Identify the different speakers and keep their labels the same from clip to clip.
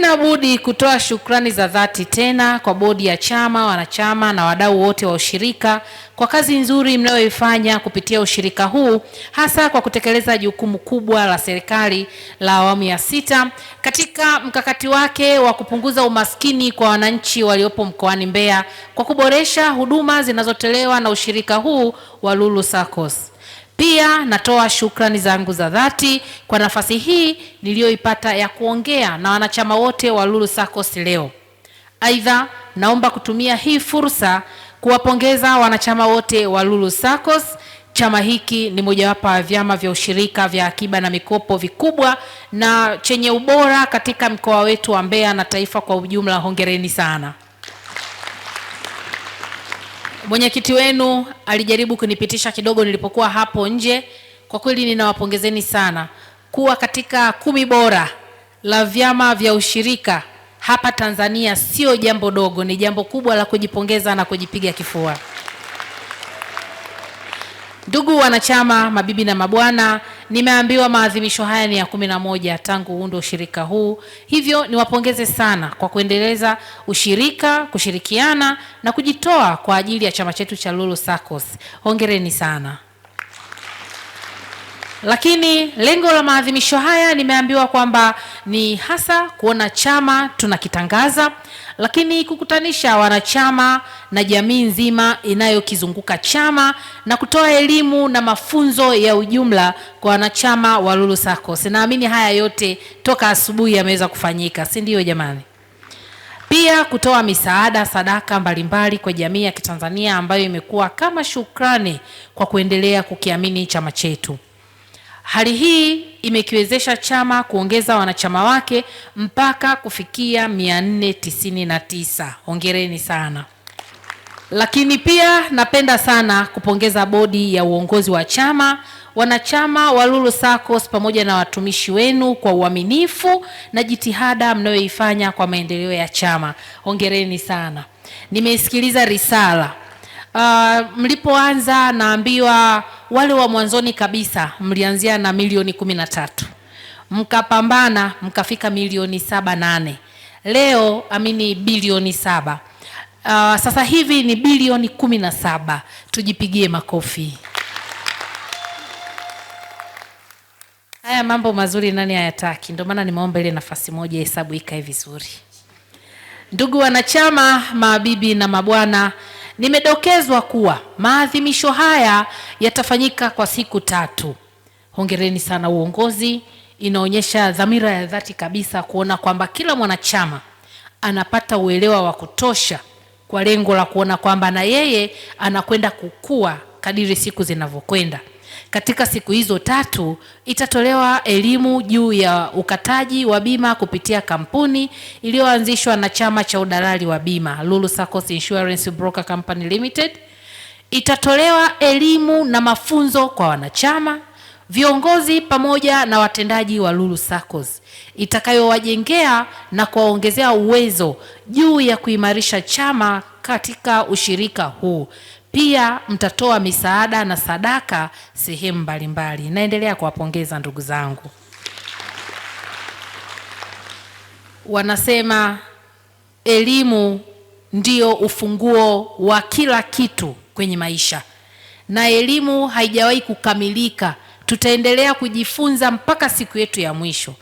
Speaker 1: Sina budi kutoa shukrani za dhati tena kwa bodi ya chama, wanachama na wadau wote wa ushirika kwa kazi nzuri mnayoifanya kupitia ushirika huu, hasa kwa kutekeleza jukumu kubwa la serikali la awamu ya sita katika mkakati wake wa kupunguza umaskini kwa wananchi waliopo mkoani Mbeya kwa kuboresha huduma zinazotolewa na ushirika huu wa Lulu SACCOS. Pia natoa shukrani zangu za dhati kwa nafasi hii niliyoipata ya kuongea na wanachama wote wa Lulu SACCOS leo. Aidha, naomba kutumia hii fursa kuwapongeza wanachama wote wa Lulu SACCOS. Chama hiki ni mojawapo ya vyama vya ushirika vya akiba na mikopo vikubwa na chenye ubora katika mkoa wetu wa Mbeya na taifa kwa ujumla. Hongereni sana. Mwenyekiti wenu alijaribu kunipitisha kidogo nilipokuwa hapo nje. Kwa kweli ninawapongezeni sana kuwa katika kumi bora la vyama vya ushirika hapa Tanzania sio jambo dogo, ni jambo kubwa la kujipongeza na kujipiga kifua. Ndugu wanachama, mabibi na mabwana, Nimeambiwa maadhimisho haya ni ya kumi na moja tangu uundo ushirika huu, hivyo niwapongeze sana kwa kuendeleza ushirika, kushirikiana na kujitoa kwa ajili ya chama chetu cha Lulu SACCOS. Hongereni sana. Lakini lengo la maadhimisho haya nimeambiwa kwamba ni hasa kuona chama tunakitangaza, lakini kukutanisha wanachama na jamii nzima inayokizunguka chama na kutoa elimu na mafunzo ya ujumla kwa wanachama wa Lulu SACCOS. Naamini haya yote toka asubuhi yameweza kufanyika, si ndio jamani? Pia kutoa misaada, sadaka mbalimbali kwa jamii ya Kitanzania ambayo imekuwa kama shukrani kwa kuendelea kukiamini chama chetu. Hali hii imekiwezesha chama kuongeza wanachama wake mpaka kufikia 499. Hongereni sana. Lakini pia napenda sana kupongeza bodi ya uongozi wa chama, wanachama wa Lulu SACCOS pamoja na watumishi wenu kwa uaminifu na jitihada mnayoifanya kwa maendeleo ya chama. Hongereni sana. Nimeisikiliza risala. Uh, mlipoanza naambiwa wale wa mwanzoni kabisa mlianzia na milioni kumi na tatu mkapambana mkafika milioni saba nane leo amini bilioni saba uh, sasa hivi ni bilioni kumi na saba. Tujipigie makofi. Haya mambo mazuri nani hayataki? Ndio maana nimeomba ile nafasi moja hesabu ikae vizuri. Ndugu wanachama, mabibi na mabwana Nimedokezwa kuwa maadhimisho haya yatafanyika kwa siku tatu. Hongereni sana uongozi, inaonyesha dhamira ya dhati kabisa kuona kwamba kila mwanachama anapata uelewa wa kutosha kwa lengo la kuona kwamba na yeye anakwenda kukua kadiri siku zinavyokwenda. Katika siku hizo tatu itatolewa elimu juu ya ukataji wa bima kupitia kampuni iliyoanzishwa na chama cha udalali wa bima Lulu Saccos Insurance Broker Company Limited. Itatolewa elimu na mafunzo kwa wanachama, viongozi pamoja na watendaji wa Lulu Saccos itakayowajengea na kuwaongezea uwezo juu ya kuimarisha chama katika ushirika huu. Pia mtatoa misaada na sadaka sehemu mbalimbali. Naendelea kuwapongeza ndugu zangu. Wanasema elimu ndio ufunguo wa kila kitu kwenye maisha, na elimu haijawahi kukamilika. Tutaendelea kujifunza mpaka siku yetu ya mwisho.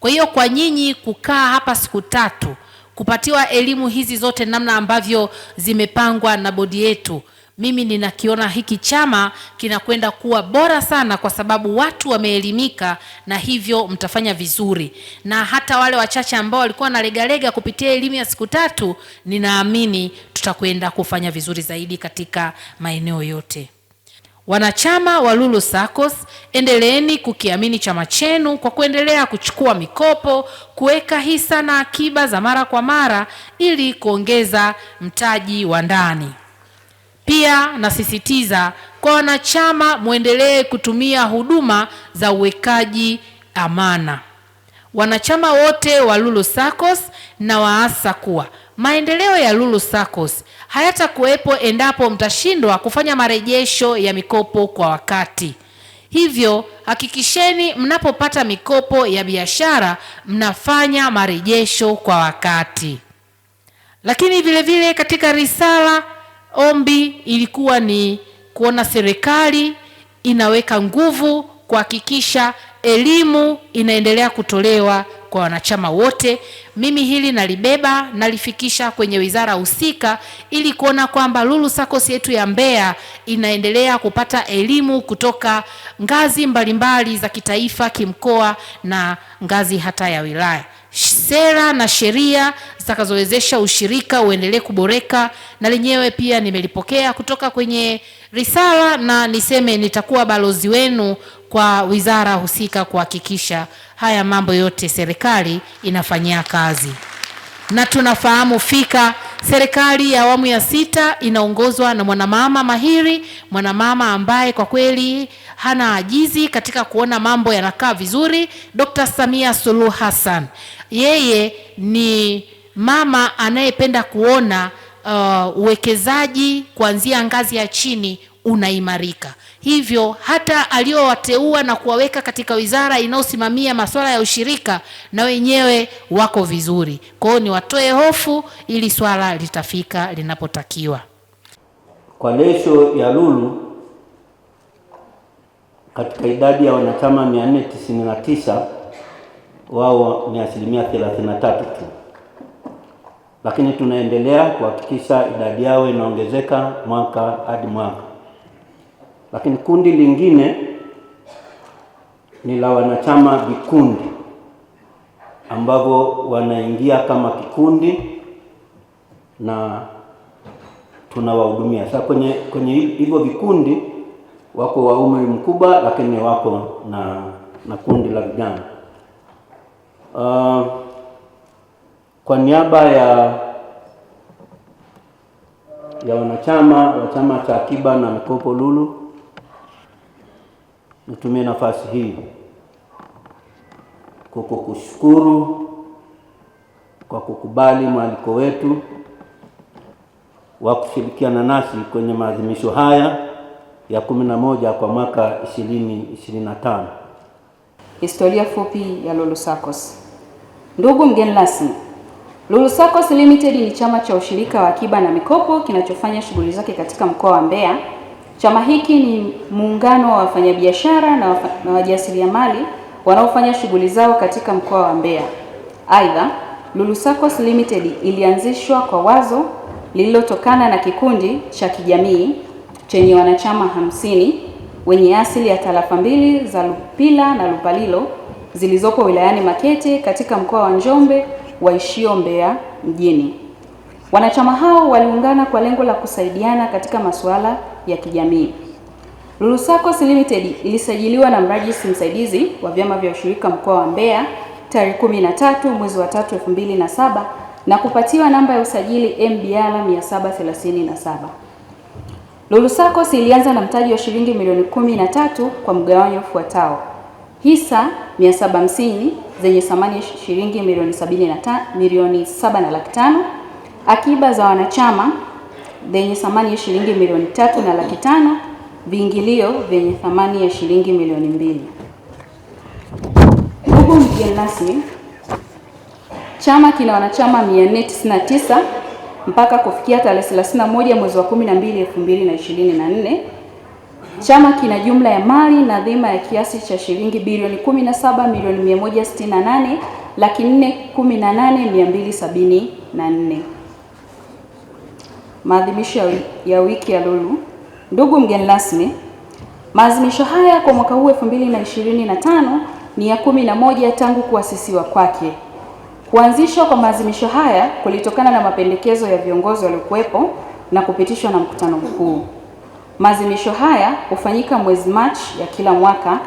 Speaker 1: Kwa hiyo, kwa nyinyi kukaa hapa siku tatu kupatiwa elimu hizi zote, namna ambavyo zimepangwa na bodi yetu mimi ninakiona hiki chama kinakwenda kuwa bora sana, kwa sababu watu wameelimika, na hivyo mtafanya vizuri. Na hata wale wachache ambao walikuwa wanalegalega, kupitia elimu ya siku tatu, ninaamini tutakwenda kufanya vizuri zaidi katika maeneo yote. Wanachama wa Lulu SACCOS, endeleeni kukiamini chama chenu kwa kuendelea kuchukua mikopo, kuweka hisa na akiba za mara kwa mara ili kuongeza mtaji wa ndani. Pia nasisitiza kwa wanachama, mwendelee kutumia huduma za uwekaji amana. Wanachama wote wa Lulu SACCOS na waasa kuwa maendeleo ya Lulu SACCOS hayatakuwepo endapo mtashindwa kufanya marejesho ya mikopo kwa wakati. Hivyo hakikisheni mnapopata mikopo ya biashara mnafanya marejesho kwa wakati. Lakini vilevile vile katika risala ombi ilikuwa ni kuona serikali inaweka nguvu kuhakikisha elimu inaendelea kutolewa kwa wanachama wote. Mimi hili nalibeba, nalifikisha kwenye wizara husika ili kuona kwamba Lulu SACCOS yetu ya Mbeya inaendelea kupata elimu kutoka ngazi mbalimbali za kitaifa, kimkoa na ngazi hata ya wilaya sera na sheria zitakazowezesha ushirika uendelee kuboreka, na lenyewe pia nimelipokea kutoka kwenye risala, na niseme nitakuwa balozi wenu kwa wizara husika kuhakikisha haya mambo yote serikali inafanyia kazi, na tunafahamu fika serikali ya awamu ya sita inaongozwa na mwanamama mahiri, mwanamama ambaye kwa kweli hana ajizi katika kuona mambo yanakaa vizuri. Dr. Samia Suluhu Hassan yeye ni mama anayependa kuona uh, uwekezaji kuanzia ngazi ya chini unaimarika. Hivyo hata aliowateua na kuwaweka katika wizara inayosimamia masuala ya ushirika na wenyewe wako vizuri. Kwa hiyo niwatoe hofu, ili swala litafika linapotakiwa.
Speaker 2: Kwa lesho ya lulu katika idadi ya wanachama 499 wao ni asilimia 33 tu, lakini tunaendelea kuhakikisha idadi yao inaongezeka mwaka hadi mwaka. Lakini kundi lingine ni la wanachama vikundi ambavyo wanaingia kama kikundi na tunawahudumia sasa kwenye kwenye hivyo vikundi wako wa umri mkubwa, lakini wako na na kundi la vijana. Uh, kwa niaba ya ya wanachama wa chama cha akiba na mikopo LULU, nitumie nafasi hii kukukushukuru kwa kukubali mwaliko wetu wa kushirikiana nasi kwenye maadhimisho haya ya 11 kwa mwaka 2025.
Speaker 1: Historia fupi ya Lulu SACCOS. Ndugu mgeni rasmi, Lulu SACCOS Limited ni chama cha ushirika wa akiba na mikopo kinachofanya shughuli zake katika mkoa wa Mbeya. Chama hiki ni muungano wa wafanyabiashara na, wafa, na wajasiriamali wanaofanya shughuli zao katika mkoa wa Mbeya. Aidha, Lulu SACCOS Limited ilianzishwa kwa wazo lililotokana na kikundi cha kijamii chenye wanachama hamsini wenye asili ya tarafa mbili za Lupila na Lupalilo zilizopo wilayani Makete katika mkoa wa Njombe waishio Mbeya mjini. Wanachama hao waliungana kwa lengo la kusaidiana katika masuala ya kijamii. Lulu SACCOS Limited ilisajiliwa na mrajisi msaidizi wa vyama vya ushirika mkoa wa Mbeya tarehe 13 mwezi wa 3 2007 na kupatiwa namba ya usajili MBR 737. Lulu SACCOS ilianza na mtaji wa shilingi milioni kumi na tatu kwa mgawanyo ufuatao: hisa 750 zenye thamani ya shilingi milioni saba na laki tano, akiba za wanachama zenye thamani ya shilingi milioni tatu na laki tano, viingilio vyenye thamani ya shilingi milioni mbili. Ndugu mgeni rasmi, chama kina wanachama 499 mpaka kufikia tarehe 31 mwezi wa 12 2024, chama kina jumla ya mali na dhima ya kiasi cha shilingi bilioni 17 milioni 168 laki 418274. Maadhimisho ya wiki ya Lulu. Ndugu mgeni rasmi, maadhimisho haya kwa mwaka huu 2025 ni ya 11 tangu kuasisiwa kwake. Kuanzishwa kwa maazimisho haya kulitokana na mapendekezo ya viongozi waliokuwepo na kupitishwa na mkutano mkuu. Maazimisho haya hufanyika mwezi Machi ya kila mwaka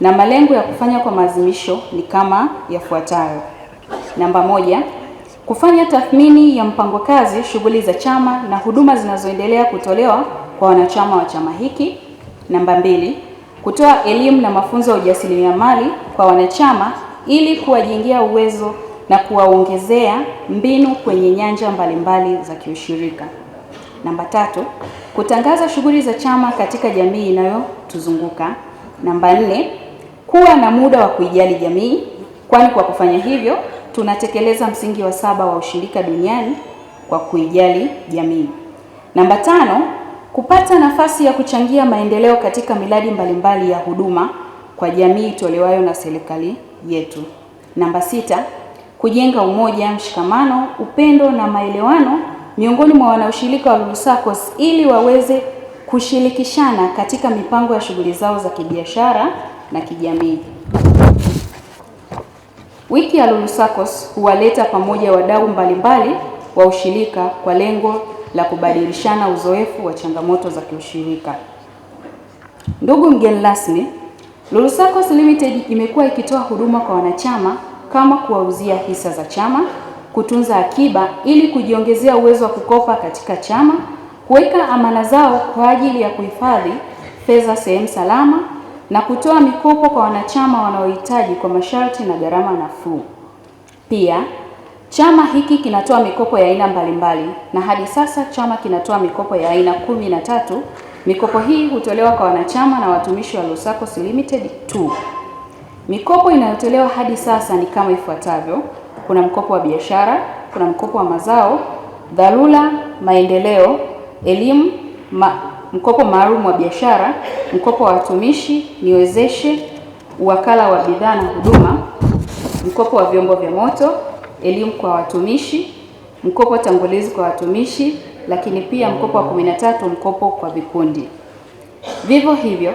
Speaker 1: na malengo ya kufanya kwa maazimisho ni kama yafuatayo. Namba moja, kufanya tathmini ya mpango kazi, shughuli za chama na huduma zinazoendelea kutolewa kwa wanachama wa chama hiki. Namba mbili, kutoa elimu na mafunzo ya ujasiriamali kwa wanachama ili kuwajengea uwezo na kuwaongezea mbinu kwenye nyanja mbalimbali za kiushirika. Namba tatu, kutangaza shughuli za chama katika jamii inayotuzunguka. Namba nne, kuwa na muda wa kuijali jamii, kwani kwa kufanya hivyo tunatekeleza msingi wa saba wa ushirika duniani kwa kuijali jamii. Namba tano, kupata nafasi ya kuchangia maendeleo katika miradi mbalimbali ya huduma kwa jamii itolewayo na serikali yetu. Namba sita, kujenga umoja, mshikamano, upendo na maelewano miongoni mwa wanaushirika wa Lulu SACCOS ili waweze kushirikishana katika mipango ya shughuli zao za kibiashara na kijamii. Wiki ya Lulu SACCOS huwaleta pamoja wadau mbalimbali wa ushirika kwa lengo la kubadilishana uzoefu wa changamoto za kiushirika. Ndugu mgeni rasmi, Lulu SACCOS Limited imekuwa ikitoa huduma kwa wanachama kama kuwauzia hisa za chama, kutunza akiba ili kujiongezea uwezo wa kukopa katika chama, kuweka amana zao kwa ajili ya kuhifadhi fedha sehemu salama na kutoa mikopo kwa wanachama wanaohitaji kwa masharti na gharama nafuu. Pia chama hiki kinatoa mikopo ya aina mbalimbali na hadi sasa chama kinatoa mikopo ya aina kumi na tatu. Mikopo hii hutolewa kwa wanachama na watumishi wa Lusaco Limited tu. Mikopo inayotolewa hadi sasa ni kama ifuatavyo: kuna mkopo wa biashara, kuna mkopo wa mazao, dharura, maendeleo, elimu, ma, mkopo maalum wa biashara, mkopo wa watumishi, niwezeshe, uwakala wa bidhaa na huduma, mkopo wa vyombo vya moto, elimu kwa watumishi, mkopo tangulizi kwa watumishi, lakini pia mkopo wa 13 mkopo kwa vikundi. Vivyo hivyo